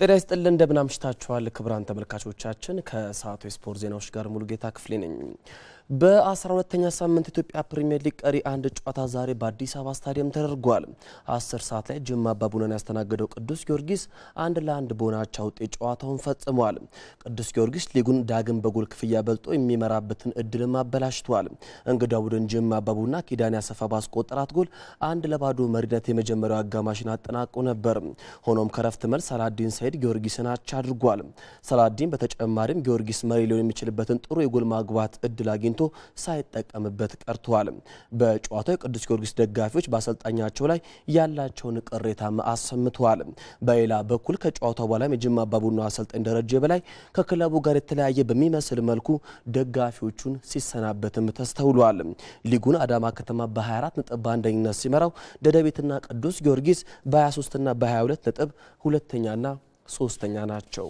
ጤና ይስጥልን እንደምናምሽታችኋል ክቡራን ተመልካቾቻችን ከሰዓቱ የስፖርት ዜናዎች ጋር ሙሉጌታ ክፍሌ ነኝ በ12ኛ ሳምንት ኢትዮጵያ ፕሪሚየር ሊግ ቀሪ አንድ ጨዋታ ዛሬ በአዲስ አበባ ስታዲየም ተደርጓል። 10 ሰዓት ላይ ጅማ አባቡናን ያስተናገደው ቅዱስ ጊዮርጊስ አንድ ለአንድ በሆነ አቻ ውጤት ጨዋታውን ፈጽሟል። ቅዱስ ጊዮርጊስ ሊጉን ዳግም በጎል ክፍያ በልጦ የሚመራበትን እድልም አበላሽቷል። እንግዳ ቡድን ጅማ አባቡና ኪዳን ያሰፋ ባስቆጠራት ጎል አንድ ለባዶ መሪነት የመጀመሪያው አጋማሽን አጠናቆ ነበር። ሆኖም ከረፍት መልስ ሰላዲን ሰይድ ጊዮርጊስን አቻ አድርጓል። ሰላዲን በተጨማሪም ጊዮርጊስ መሪ ሊሆን የሚችልበትን ጥሩ የጎል ማግባት እድል አግኝቶ ተረድቶ ሳይጠቀምበት ቀርተዋል። በጨዋታው የቅዱስ ጊዮርጊስ ደጋፊዎች በአሰልጣኛቸው ላይ ያላቸውን ቅሬታ አሰምተዋል። በሌላ በኩል ከጨዋታው በኋላም የጅማ አባ አሰልጣኝ ደረጀ በላይ ከክለቡ ጋር የተለያየ በሚመስል መልኩ ደጋፊዎቹን ሲሰናበትም ተስተውሏል። ሊጉን አዳማ ከተማ በ24 ነጥብ በአንደኝነት ሲመራው ደደቤትና ቅዱስ ጊዮርጊስ በ23ና በ22 ነጥብ ሁለተኛና ሶስተኛ ናቸው።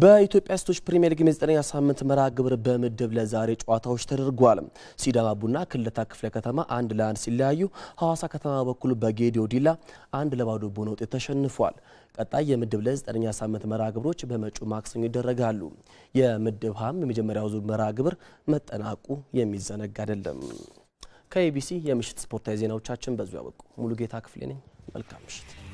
በኢትዮጵያ ሴቶች ፕሪሚየር ሊግ ዘጠነኛ ሳምንት መርሃ ግብር በምድብ ለዛሬ ጨዋታዎች ተደርጓል። ሲዳማ ቡና ክልታ ክፍለ ከተማ አንድ ለአንድ ሲለያዩ፣ ሐዋሳ ከተማ በኩል በጌዲዮ ዲላ አንድ ለባዶ በሆነ ውጤት ተሸንፏል። ቀጣይ የምድብ ለዘጠነኛ ሳምንት መርሃ ግብሮች በመጪው ማክሰኞ ይደረጋሉ። የምድብ ሀም የመጀመሪያው ዙር መርሃ ግብር መጠናቁ የሚዘነጋ አይደለም። ከኤቢሲ የምሽት ስፖርታዊ ዜናዎቻችን በዙ ያበቁ። ጌታ ክፍሌ ነኝ። መልካም ምሽት።